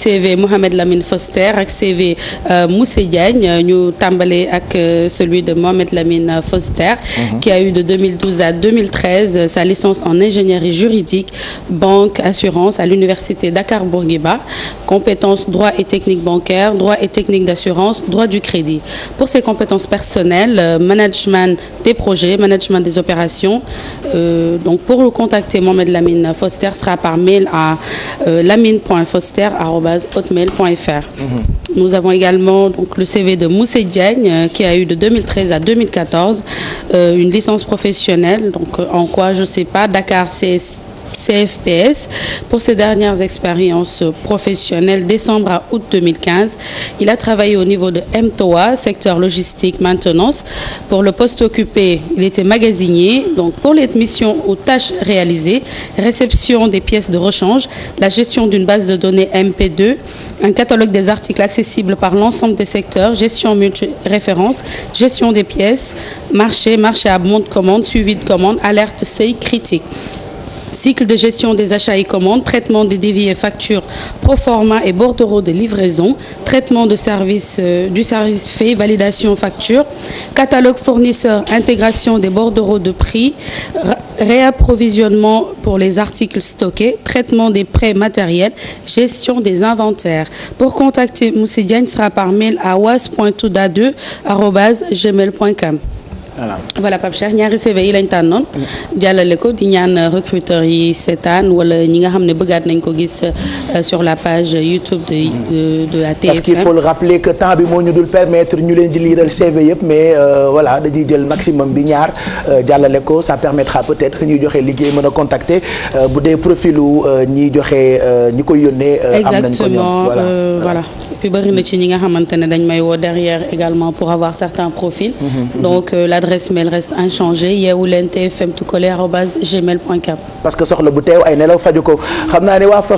CV Mohamed Lamine Foster ak CV euh, Moussé Diagne euh, ñu tàmbale ak euh, celui de Mohamed Lamine Foster mhm. qui a eu de 2012 à 2013 sa licence en ingénierie juridique banque assurance à l'université Dakar Bourguiba compétences droit et technique bancaire droit et technique d'assurance droit du crédit pour ses compétences personnelles management des projets, management des opérations. Euh, donc pour le contacter, Mohamed Lamine Foster sera par mail à euh, lamine.foster.hotmail.fr. Mm -hmm. Nous avons également le CV de Moussé euh, qui a eu de à euh, une licence professionnelle, donc euh, je ne sais pas, Dakar CFPS pour ses dernières expériences professionnelles décembre à août 2015. Il a travaillé au niveau de MTOA, secteur logistique maintenance. Pour le poste occupé, il était magasinier. Donc pour les missions ou tâches réalisées, réception des pièces de rechange, la gestion d'une base de données MP2, un catalogue des articles accessibles par l'ensemble des secteurs, gestion multi-référence, gestion des pièces, marché, marché à bon de commande, suivi de commande, alerte seuil critique. cycle de gestion des achats et commandes, traitement des devis et factures, proforma et bordereau de livraison, traitement de service, euh, du service fait, validation facture, catalogue fournisseur, intégration des bordereaux de prix, réapprovisionnement pour les articles stockés, traitement des prêts matériels, gestion des inventaires. Pour contacter Moussé Diagne sera par mail à was.touda2@gmail.com. voilà voilà Pape Cheikh ñaari CV yi lañ tànnoon. jàllale ko di ñaan recruteur yi seetaan wala ñi nga xam ne bëggaat nañ ko gis euh, sur la page YouTube de de la TFM. parce qu'il faut le rappeler que temps bi moo ñu dul permettre ñu leen di liiral CV yëpp mais euh, voilà dañuy jël maximum bi ñaar euh, jàllale ko ça permettra peut-être que ñuy joxe liggéey mën a contacter bu dee profilu ñuy joxe ñu koy yónnee. am nañ ko ñoom bëri na ci ñi nga xamante ne dañ may woo derrière également pour avoir certains adresse mail reste inchangée yeewu leen tfm tukulëër arobase gmail point com. parce que soxla bu teew ay nelaw faju ko xam naa ne waa